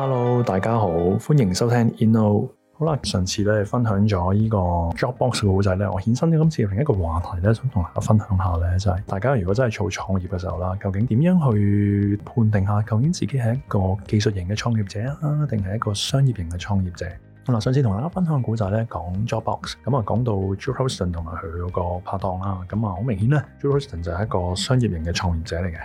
hello，大家好，歡迎收聽 InKnow。好啦，上次咧分享咗呢個 Dropbox 嘅故仔咧，我衍生咗今次另一個話題咧，想同大家分享下咧，就係、是、大家如果真係做創業嘅時候啦，究竟點樣去判定下究竟自己係一個技術型嘅創業者啊，定係一個商業型嘅創業者？嗱，上次同大家分享嘅故仔咧，講 Dropbox，咁啊講到 Drew Houston 同埋佢嗰個拍檔啦、啊，咁啊好明顯咧 Drew Houston 就係一個商業型嘅創業者嚟嘅。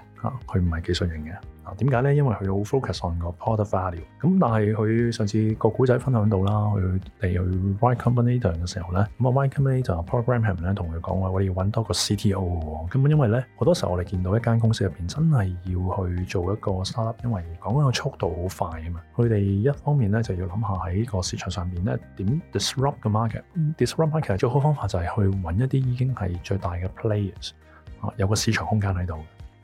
佢唔係技術型嘅，點解咧？因為佢好 focus on 個 portfolio。咁但係佢上次個古仔分享到啦，佢哋去 Y Combinator 嘅時候咧，咁啊 Y Combinator Program Head 同佢講話，我哋要揾多個 CTO。根本因為咧好多時候我哋見到一間公司入邊真係要去做一個 startup, 因為講緊個速度好快啊嘛。佢哋一方面咧就要諗下喺個市場上邊咧點 disrupt 個 market、嗯。disrupt market 最好方法就係去揾一啲已經係最大嘅 players，啊有個市場空間喺度。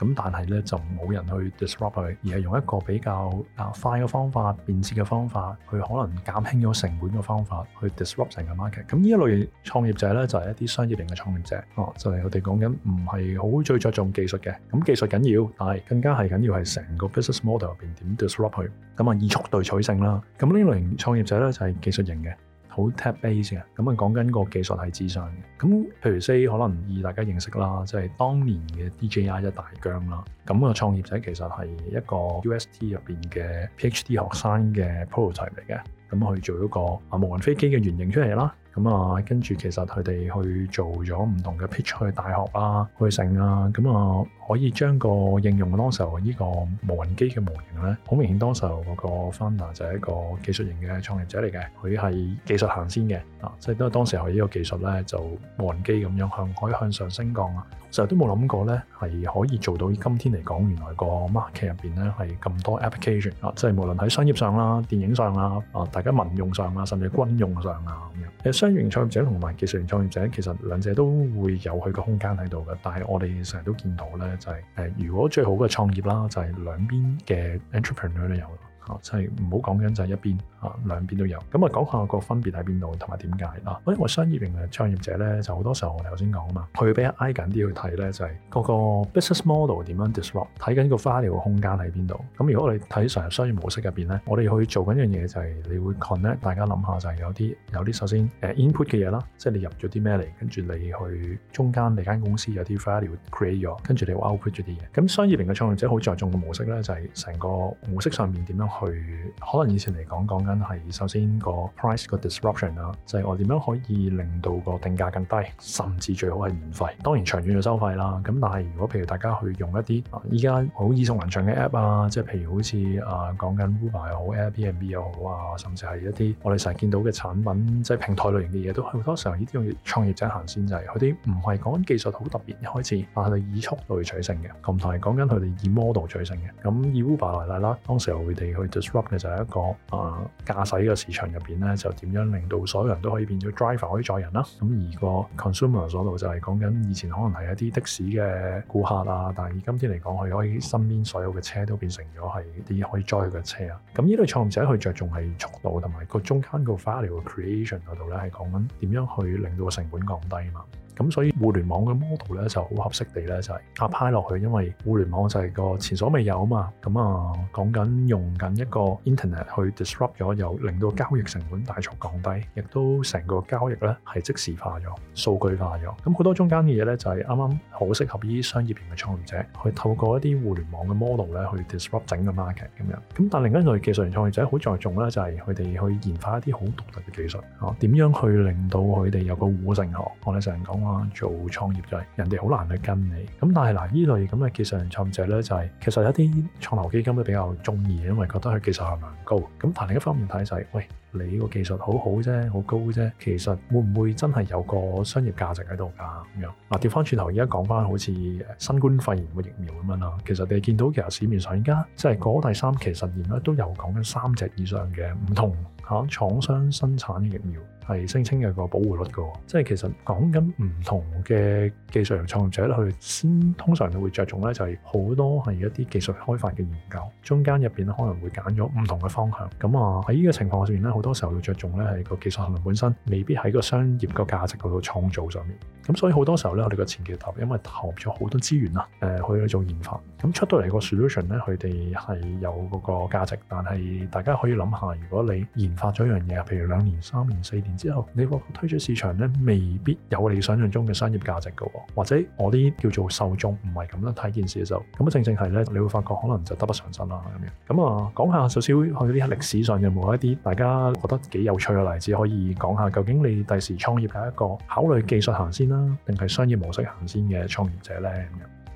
咁但係咧就冇人去 disrupt 佢，而係用一個比較啊快嘅方法、便捷嘅方法，去可能減輕咗成本嘅方法去 disrupt 成個 market。咁呢一類型創業者咧就係一啲商業型嘅創業者，哦就係我哋講緊唔係好最着重技術嘅。咁技術緊要，但係更加係緊要係成個 business model 入邊點 disrupt 佢。咁啊以速度取勝啦。咁呢類型創業者咧就係技術型嘅。好 tap base 嘅，咁啊、嗯、講緊個技術係至上嘅，咁、嗯、譬如 say 可能以大家認識啦，即係當年嘅 DJI 一大疆啦，咁、嗯、個創業者其實係一個 UST 入面嘅 PhD 學生嘅 prototype 嚟嘅，咁、嗯、去、嗯、做一個啊無人飛機嘅原型出嚟啦。咁啊、嗯，跟住其實佢哋去做咗唔同嘅 pitch 去大學啊，去成啊，咁、嗯、啊、嗯、可以將個應用當時候呢個無人機嘅模型咧，好明顯當時候嗰個 founder 就係一個技術型嘅創業者嚟嘅，佢係技術行先嘅，啊，即係都係當時係呢個技術咧就無人機咁樣向海向上升降啊，成日都冇諗過咧係可以做到今天嚟講，原來個 market 入邊咧係咁多 application 啊，即係無論喺商業上啦、電影上啦、啊大家民用上啊，甚至軍用上啊咁樣。商業型創業者同埋技術型創業者，其實兩者都會有佢個空間喺度嘅。但係我哋成日都見到呢、就係，就係如果最好嘅創業啦，就係兩邊嘅 entrepreneur 都有咯，即係唔好講緊就係一邊。啊，兩邊都有，咁啊講下個分別喺邊度，同埋點解啊？因為商業型嘅創業者咧，就好多時候我哋頭先講啊嘛，佢會比較挨緊啲去睇咧，就係、是、個個 business model 點樣 disrupt，睇緊個 value 嘅空間喺邊度。咁如果我哋睇成日商業模式入邊咧，我哋去做緊樣嘢就係你會 connect，大家諗下就係有啲有啲首先誒 input 嘅嘢啦，即係你入咗啲咩嚟，跟住你去中間你間公司有啲 value create 咗，跟住你 output 咗啲嘢。咁商業型嘅創業者好重視嘅模式咧，就係、是、成個模式上面點樣去，可能以前嚟講講。係首先個 price 個 disruption 啦，就係、是、我點樣可以令到個定價更低，甚至最好係免費。當然長遠要收費啦。咁但係如果譬如大家去用一啲依家好耳熟能詳嘅 app 啊，即係譬如好似啊、呃、講緊 Uber 又好 Airbnb 又好啊，甚至係一啲我哋成日見到嘅產品，即係平台類型嘅嘢，都好多時候呢啲創業者先行先就係佢啲唔係講緊技術好特別開始，係以速度來取勝嘅。而唔係講緊佢哋以 model 取勝嘅。咁以 Uber 為例啦，當時佢哋去 disrupt 嘅就係一個啊，呃駕駛嘅市場入邊咧，就點樣令到所有人都可以變咗 driver 可以載人啦。咁而個 consumer 喺度就係講緊以前可能係一啲的士嘅顧客啦、啊，但係以今天嚟講，佢可以身邊所有嘅車都變成咗係啲可以載佢嘅車啊！咁呢類創業者，佢着重係速度同埋個中間個 value creation 嗰度咧，係講緊點樣去令到成本降低啊嘛。咁所以互聯網嘅 model 咧就好合適地咧就係 apply 落去，因為互聯網就係個前所未有啊嘛。咁啊講緊用緊一個 internet 去 disrupt 咗，又令到交易成本大幅降低，亦都成個交易咧係即時化咗、數據化咗。咁好多中間嘅嘢咧就係啱啱好適合依啲商業型嘅創業者去透過一啲互聯網嘅 model 咧去 disrupt 整個 market 咁樣。咁但係，另一類技術型創業者好著重咧就係佢哋去研發一啲好獨特嘅技術哦點樣去令到佢哋有個護城河。我哋成日講。做創業就係，人哋好難去跟你。咁但係嗱，呢類咁嘅技術型創者咧，就係、是、其實有啲創投基金都比較中意，因為覺得佢技術含量高。咁但另一方面睇就係，喂，你個技術好好啫，好高啫，其實會唔會真係有個商業價值喺度㗎？咁樣嗱，調翻轉頭，而家講翻好似新冠肺炎個疫苗咁樣啦。其實你見到其實市面上而家即係過第三期實驗咧，都有講緊三隻以上嘅唔同嚇、啊、廠商生產嘅疫苗。係聲稱嘅個保護率嘅，即係其實講緊唔同嘅技術型創業者，佢先通常會着重咧就係、是、好多係一啲技術開發嘅研究，中間入邊可能會揀咗唔同嘅方向。咁啊喺呢個情況下面咧，好多時候會着重咧係個技術含量本身未必喺個商業個價值嗰個創造上面。咁所以好多時候咧，我哋個前期投因為投入咗好多資源啊，誒、呃、去去做研發，咁出到嚟個 solution 咧，佢哋係有嗰個價值，但係大家可以諗下，如果你研發咗一樣嘢，譬如兩年、三年、四年。之後，你發覺推出市場咧，未必有你想象中嘅商業價值嘅，或者我啲叫做受眾唔係咁啦。睇件事嘅時候，咁啊正正係咧，你會發覺可能就得不償失啦咁樣。咁啊，講下少少去啲歷史上有冇一啲大家覺得幾有趣嘅例子可以講下？究竟你第時創業係一個考慮技術行先啦，定係商業模式行先嘅創業者咧？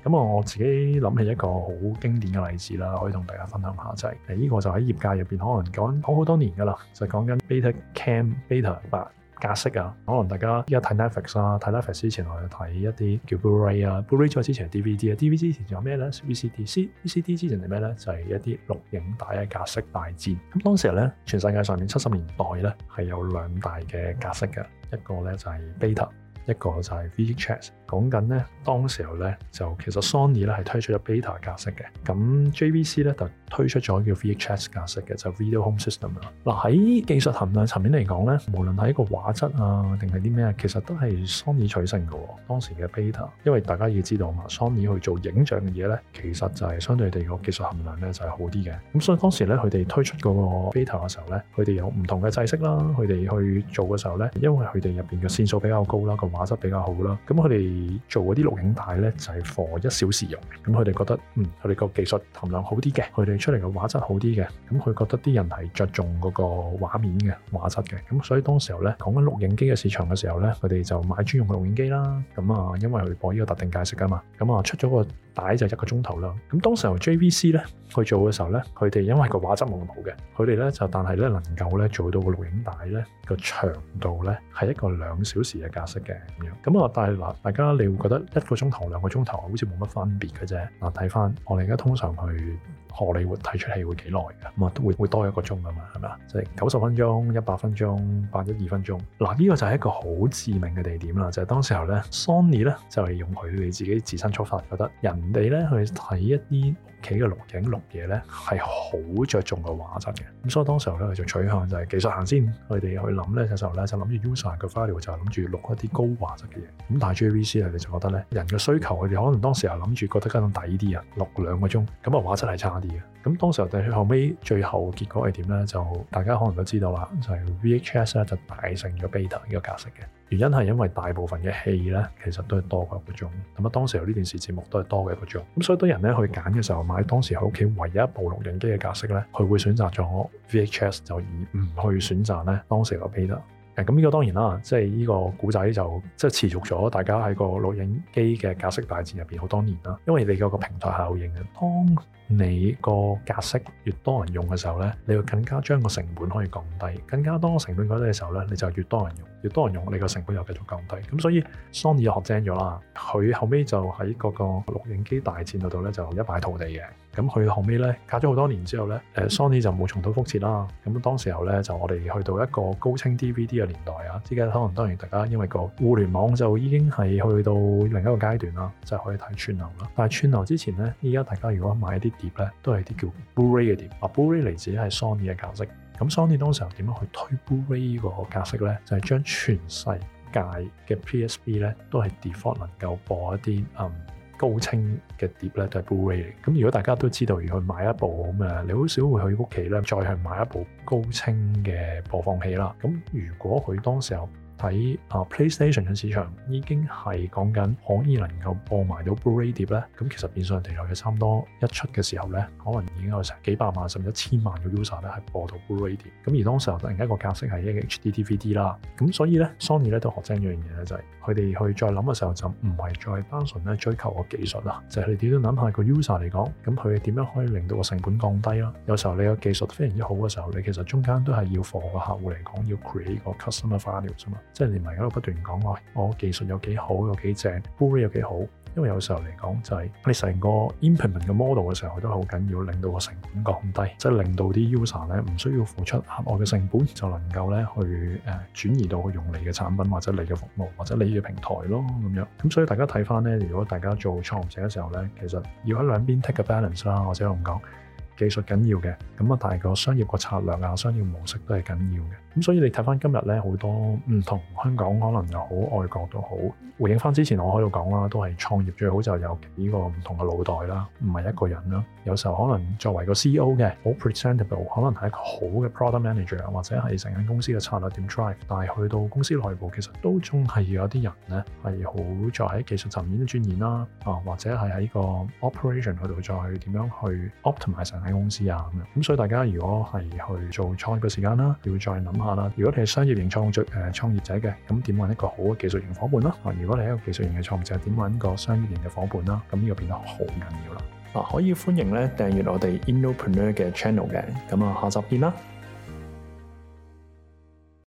咁我自己諗起一個好經典嘅例子啦，可以同大家分享下，就係呢依個就喺業界入邊可能講好好多年噶啦，就係講緊 Beta Cam Beta 八、啊、格式啊，可能大家依家睇 Netflix 啊，睇 Netflix 之前我有睇一啲叫 Blu-ray 啊，啊，Blu-ray 再之前係 DVD 啊，DVD 之前仲有咩咧？VCD、VCD 之前係咩咧？就係、是、一啲錄影帶嘅格式大戰。咁當時咧，全世界上面七十年代咧係有兩大嘅格式嘅，一個咧就係、是、Beta，一個就係 VHS。講緊咧，當時候咧就其實 Sony 咧係推出咗 Beta 格式嘅，咁 JVC 咧就推出咗叫 VHS 格式嘅，就是、Video Home System 啦。嗱、啊、喺技術含量層面嚟講咧，無論喺個畫質啊定係啲咩，其實都係 Sony 取勝嘅、哦。當時嘅 Beta，因為大家要知道嘛，Sony 去做影像嘅嘢咧，其實就係相對地個技術含量咧就係、是、好啲嘅。咁所以當時咧佢哋推出嗰個 Beta 嘅時候咧，佢哋有唔同嘅制式啦，佢哋去做嘅時候咧，因為佢哋入邊嘅線數比較高啦，個畫質比較好啦，咁佢哋。做嗰啲錄影帶咧，就係 for 一小時用。咁佢哋覺得，嗯，佢哋個技術含量好啲嘅，佢哋出嚟嘅畫質好啲嘅。咁佢覺得啲人係着重嗰個畫面嘅畫質嘅。咁所以當時候咧，講緊錄影機嘅市場嘅時候咧，佢哋就買專用嘅錄影機啦。咁啊，因為佢哋播呢個特定格式噶嘛。咁啊，出咗個帶就一個鐘頭啦。咁當時候 JVC 咧去做嘅時候咧，佢哋因為個畫質冇咁好嘅，佢哋咧就但係咧能夠咧做到個錄影帶咧個長度咧係一個兩小時嘅格式嘅咁樣。咁我帶嗱大家。你會覺得一個鐘頭、兩個鐘頭好似冇乜分別嘅啫。嗱，睇翻我哋而家通常去荷里活睇出戲會幾耐嘅？咁啊都會會多一個鐘噶嘛，係咪、就是、啊？即係九十分鐘、一百分鐘、八一二分鐘。嗱，呢個就係一個好致命嘅地點啦。就係、是、當時候咧，Sony 咧就係、是、用佢自己自身出發，覺得人哋咧去睇一啲。企嘅錄影錄嘢咧係好着重個畫質嘅，咁所以當時候咧，佢就取向就係技術行先，佢哋去諗咧，就時候咧就諗住 user 嘅花料就係諗住錄一啲高畫質嘅嘢，咁但係 JVC 佢哋就覺得咧，人嘅需求，佢哋可能當時候諗住覺得間諜抵啲啊，錄兩個鐘咁個畫質係差啲嘅。咁當時後尾最後結果係點咧？就大家可能都知道啦，就係 VHS 咧就大勝咗 beta 呢個格式嘅。原因係因為大部分嘅戲咧，其實都係多過一個鐘，咁啊當時有呢電視節目都係多過一個鐘。咁所以多人咧去揀嘅時候，買當時佢屋企唯一一部錄影機嘅格式咧，佢會選擇咗 VHS，就而唔去選擇咧當時個 beta。誒，咁呢個當然啦，即係呢個古仔就即係持續咗大家喺個錄影機嘅格式大戰入邊好多年啦。因為你個個平台效應嘅，當你個格式越多人用嘅時候咧，你會更加將個成本可以降低，更加當個成本降低嘅時候咧，你就越多人用。越多人用，我哋個成本又繼續降低，咁所以 Sony 又學精咗啦。佢後尾就喺嗰個錄影機大戰嗰度咧，就一敗塗地嘅。咁佢後尾咧，隔咗好多年之後咧，誒 Sony 就冇重蹈覆轍啦。咁當時候咧，就我哋去到一個高清 DVD 嘅年代啊，依家可能當然大家因為個互聯網就已經係去到另一個階段啦，就係可以睇串流啦。但係串流之前咧，依家大家如果買一啲碟咧，都係啲叫 Blu-ray 嘅碟啊。Blu-ray 嚟自係 Sony 嘅格式。咁 Sony 當時候點樣去推 Blu-ray 呢個格式咧？就係、是、將全世界嘅 PSB 咧都係 default 能夠播一啲嗯高清嘅碟咧，都係 Blu-ray 嚟。咁如果大家都知道要去買一部咁啊，你好少會去屋企咧再去買一部高清嘅播放器啦。咁如果佢當時候喺啊 PlayStation 嘅市場已經係講緊可以能夠播埋到 Blu-ray 碟咧，咁其實變相平台嘅差唔多一出嘅時候咧，可能已經有成幾百萬甚至一千萬嘅 user 咧係播到 Blu-ray 碟，咁而當時候突然間一個格式係一個 HD-DVD 啦，咁所以咧 Sony 咧都學精咗一樣嘢咧，就係佢哋去再諗嘅時候就唔係再單純咧追求個技術啦，就係佢哋點都諗下個 user 嚟講，咁佢哋點樣可以令到個成本降低咯？有時候你個技術非常之好嘅時候，你其實中間都係要防個客戶嚟講要 create 個 customer value 啫嘛。即係唔係喺度不斷講、哎、我我技術有幾好有幾正，full 有幾好。因為有時候嚟講就係你成個 implement 嘅 model 嘅時候都，都好緊要令到個成本降低，即係令到啲 user 咧唔需要付出額外嘅成本，就能夠咧去誒轉移到去用你嘅產品或者你嘅服務或者你嘅平台咯咁樣。咁所以大家睇翻咧，如果大家做創業者嘅時候咧，其實要喺兩邊 take 個 balance 啦，或者我咁講。技術緊要嘅，咁啊，但係個商業個策略啊，商業模式都係緊要嘅。咁所以你睇翻今日咧，好多唔同香港可能又好，外國都好，回應翻之前我喺度講啦，都係創業最好就有幾個唔同嘅腦袋啦，唔係一個人啦。有時候可能作為個 CEO 嘅好 presentable，可能係一個好嘅 product manager，或者係成間公司嘅策略點 drive。但係去到公司內部，其實都仲係有啲人咧係好在喺技術層面嘅專業啦，啊或者係喺個 operation 度再去點樣去 optimize 公司啊，咁樣，咁、嗯、所以大家如果係去做創業嘅時間啦，要再諗下啦。如果你係商業型創業、呃、業者，誒，創業者嘅，咁點揾一個好嘅技術型夥伴啦？嗱，如果你係一個技術型嘅創業者，點揾一個商業型嘅夥伴啦？咁呢個變得好緊要啦。嗱、啊，可以歡迎咧訂閱我哋 Innopreneur 嘅 channel 嘅，咁啊，下集見啦。